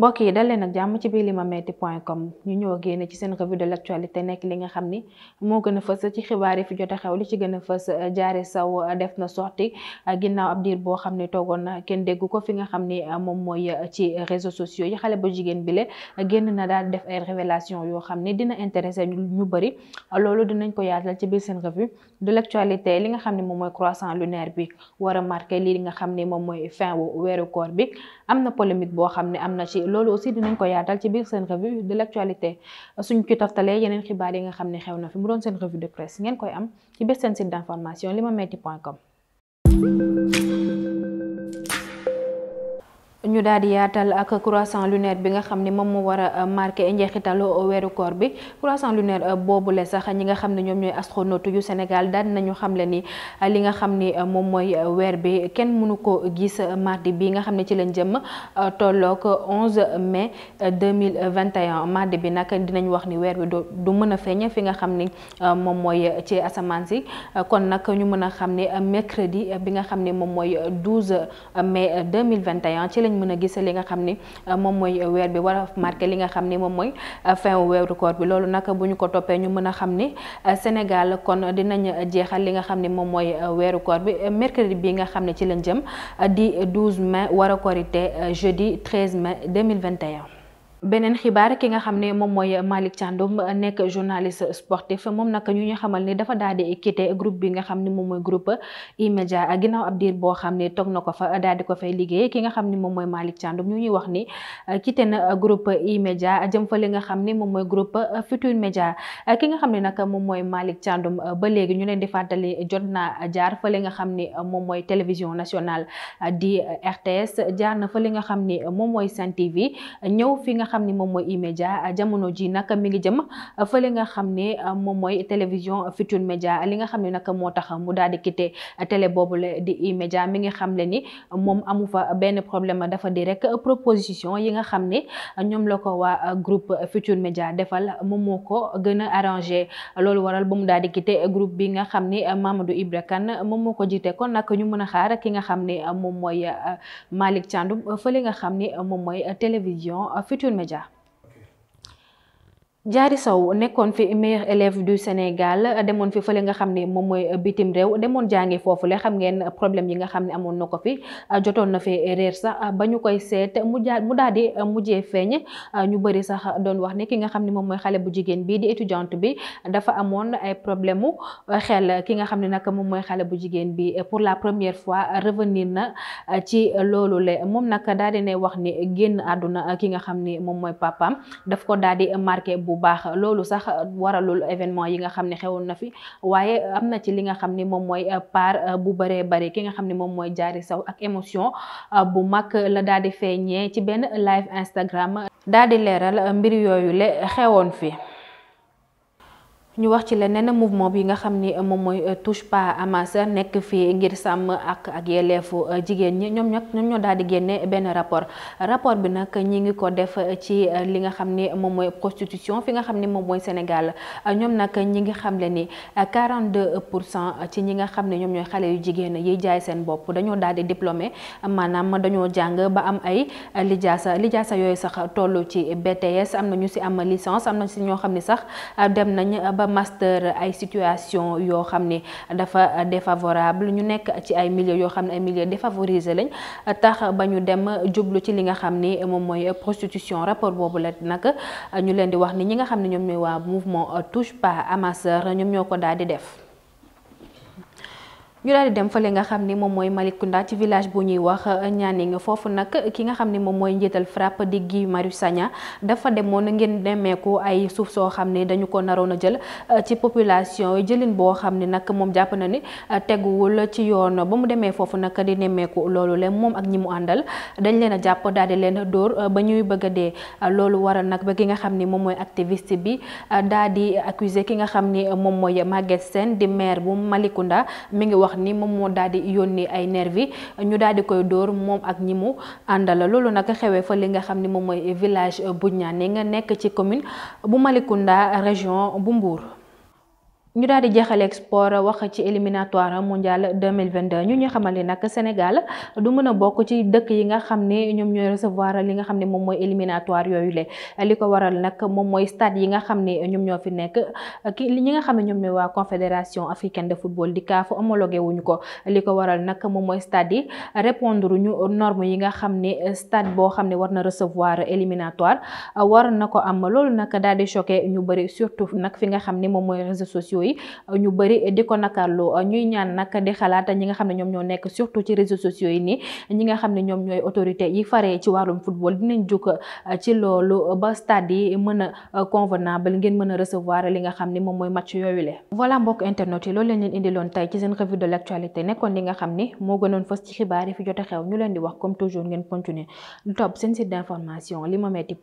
mbokk yi dal leen ak ci biir limametti point com ñu ñëw génn ci seen revue de l' actualité nekk li nga xam ni moo gën a fës ci xibaar yi fi jot a xew li ci gën a fës jaare saw def na sorti ginnaaw ab diir boo xam ne toogoon na kenn dégg ko fi nga xam ni moom mooy ci réseaux sociaux yi xale ba jigéen bile génn na daal def ay révélation yoo xam ni dina intéressé ñu bëri loolu dinañ ko yaatal ci biir seen revue de l' actualité li nga xam ne moom mooy croissant a marqué lii nga xam ni moom mooy fin wu bi am loolu aussi dinañ ko yaatal ci biir seen revue de l'actualité suñ ci toftalee yeneen xibaar yi nga xam ne xew na fi mu doon seen revue de presse ngeen koy am ci biir seen site d'information limametti point com ñu daal di yaatal ak croissant lunaire bi nga xam ni moom moo war a euh, marqué njeexitalu weeru koor bi croissant lunaire euh, le sax ñi nga xam ne ñoom ñooy astronaute yu Sénégal daal nañu xam le ni euh, li nga xam ni moom mooy weer bi kenn mënu ko gis mardi bi nga xam ne ci lañ jëm tolloog 11 mai 2021 mardi bi nag dinañ wax ni weer bi du mën a feeñ fi nga xam ni moom mooy ci asamaan si kon nag ñu mën a xam ne mercredi bi nga xam ne moom mooy 12 mai 2021 ci lañ mën mën gis li nga xam ni euh, moom mooy weer bi war a marqué li nga xam ni moom mooy euh, fin weeru koor bi loolu nag bu ñu ko toppee ñu mën a xam ni euh, Sénégal kon dinañ jeexal li nga xam ni moom mooy weeru koor bi mercredi bi nga xam ne ci lañ jëm di mais mai war a korité jeudi 13 mai 2021 beneen xibaar ki nga xam ne moom mooy Malick Thiandoum nekk journaliste sportif moom nag ñu ñu xamal ne dafa daal di quitté groupe bi nga xam ne moom mooy groupe E-Media a ab boo xam ne toog na ko fa daal ko fay liggéey ki nga xam ne moom mooy Malick Thiandoum ñu wax ni uh, quitté na groupe e jëm fa li nga xam ne moom mooy groupe uh, Futurs Médias uh, ki nga xam ne nag moom mooy Malick Thiandoum ba léegi ñu leen di fàttali jot na jaar fa li nga xam ne moom mooy télévision nationale di RTS jaar na fa li nga xam ne moom mooy Sen TV ñëw fi nga xam ni moom mooy E-Media jamono ji nag mi ngi jëm fële nga xam ne moom mooy télévision Futurs Médias li nga xam ni nag moo tax mu daal di quitté télé boobu la di i media mi ngi xam le ni moom amu fa benn problème dafa di rek proposition yi nga xam ne ñoom la ko waa groupe future Médias defal moom moo ko gën a arrangé loolu waral ba mu daal di quitté groupe bi nga xam ni Mamadou Ibra Kane moom moo ko jiite kon nag ñu mën a xaar ki nga xam ne moom mooy Malick Thiandoum fële nga xam ne moom mooy télévision Média Diary Sow nekkoon fi meilleur élève du Sénégal demoon fi fële nga xam ne moom mooy bitim réew demoon foofu le xam ngeen problème yi nga xam ne amoon na ko fi jotoon na fi réer sax ba ñu koy seet mu jaa mu daal di mujjee feeñ ñu bëri sax doon wax ni ki nga xam ne moom mooy xale bu jigéen bii di étudiante bi dafa amoon ay problème mu xel ki nga xam ne nag moom mooy xale bu jigéen bi pour la première fois revenir na ci loolu le moom nag daal di ne wax ni génn àdduna ki nga xam ni moom mooy papaam daf ko daal di bu baax loolu sax waralul événement yi nga xam ne xewoon na fi waaye am na ci li nga xam ni moom mooy euh, part euh, bu bëree bëri ki nga xam ne moom mooy jaari saw ak émotion euh, bu mag la daal di feeñee ci benn live Instagram daal di leeral mbir yooyu le xewoon fi ñu wax ci leneen mouvement bi nga xam ni euh, moom mooy euh, touche pas à Hamas nekk fii ngir sàmm ak ak yelleefu euh, jigéen ñi ñoom ñoo ñoom ñoo daal di génne benn rapport rapport bi nag ñi ngi ko def ci li nga xam ni moom mooy prostitution fi nga xam ni moom mooy Sénégal ñoom nag ñi ngi xamle ni 42 pour cent ci ñi nga xam ne ñoom ñooy xale yu jigéen yiy jaay seen bopp dañoo daal di diplômé maanaam dañoo jàng ba am ay lijaasa lijaasa yooyu sax toll ci BTS am na ñu si am licence am na si ñoo xam ni sax dem nañ. ba master ay situation yoo xam ne dafa défavorable ñu nekk ci ay milieu yoo xam ne ay milieu défavorisé lañ tax ba ñu dem jublu ci li nga xam ni moom mooy prostitution rapport boobu la nag ñu leen di wax ni ñi nga xam ne ñoom ñooy waa mouvement touche pas à ma ñoom ñoo ko daal di def ñu daal dem fa fële nga xam ni moom mooy Malicounda ci village bu ñuy wax euh, Nianing foofu nag ki nga xam ni moom mooy njiital FRAPP di Guy Marius Sagna dafa demoon ngeen nemmeeku ay suuf soo xam ni dañu ko naroon a jël euh, ci population yi boo xam ni nag moom jàpp na ni euh, teguwul ci yoon ba mu demee foofu nag di nemmeeku loolu leen moom ak ñi mu àndal dañ leen a jàpp daal di leen dóor ba ñuy bëgg a dee loolu waral nag ba ki nga xam ni moom mooy activiste bi daal di accuser ki nga xam ni moom mooy Maguette Sène di maire bu ngi wax nii ni moom moo daal di yónni ay nervi ñu daal di koy dóor moom ak ñi mu àndala loolu nag xewee fa li nga xam ni moom mooy village bu Ñaane nga nekk ci commune bu Malicounda région bu Mbour ñu daal di jeexaleeg sport wax ci éliminatoire mondial 2022 ñu ñu xamal ni nag Sénégal du mën a bokk ci dëkk yi nga xam ne ñoom ñooy recevoir li nga xam ne moom mooy éliminatoire yooyu le li ko waral nag moom mooy stade yi nga xam ne ñoom ñoo fi nekk ki ñi nga xam ne ñoom ñooy waa confédération africaine de football di CAF homologué wuñu ko li ko waral nag moom mooy stade yi répondre ñu norme yi nga xam ni stade boo xam ne war na recevoir éliminatoire war na ko am loolu nag daal di choqué ñu bëri surtout nag fi nga xam ne moom mooy réseaux sociaux yi ñu bëri di ko nakarlu ñuy ñaan nag di xalaat ñi nga xam ne ñoom ñoo nekk surtout ci réseaux sociaux yi nii ñi nga xam ne ñoom ñooy autorité yi faree ci wàllum football dinañ jóg uh, ci loolu ba stade yi mën uh, li nga xam moom mooy match yooyu le voilà mbokk internet yi loolu leen leen indiloon tey ci seen revue de l' actualité nekkoon li nga xam ni moo fës ci xibaar yi fi jot xew ñu leen di wax comme toujours ngeen continuer topp seen site d' information limametti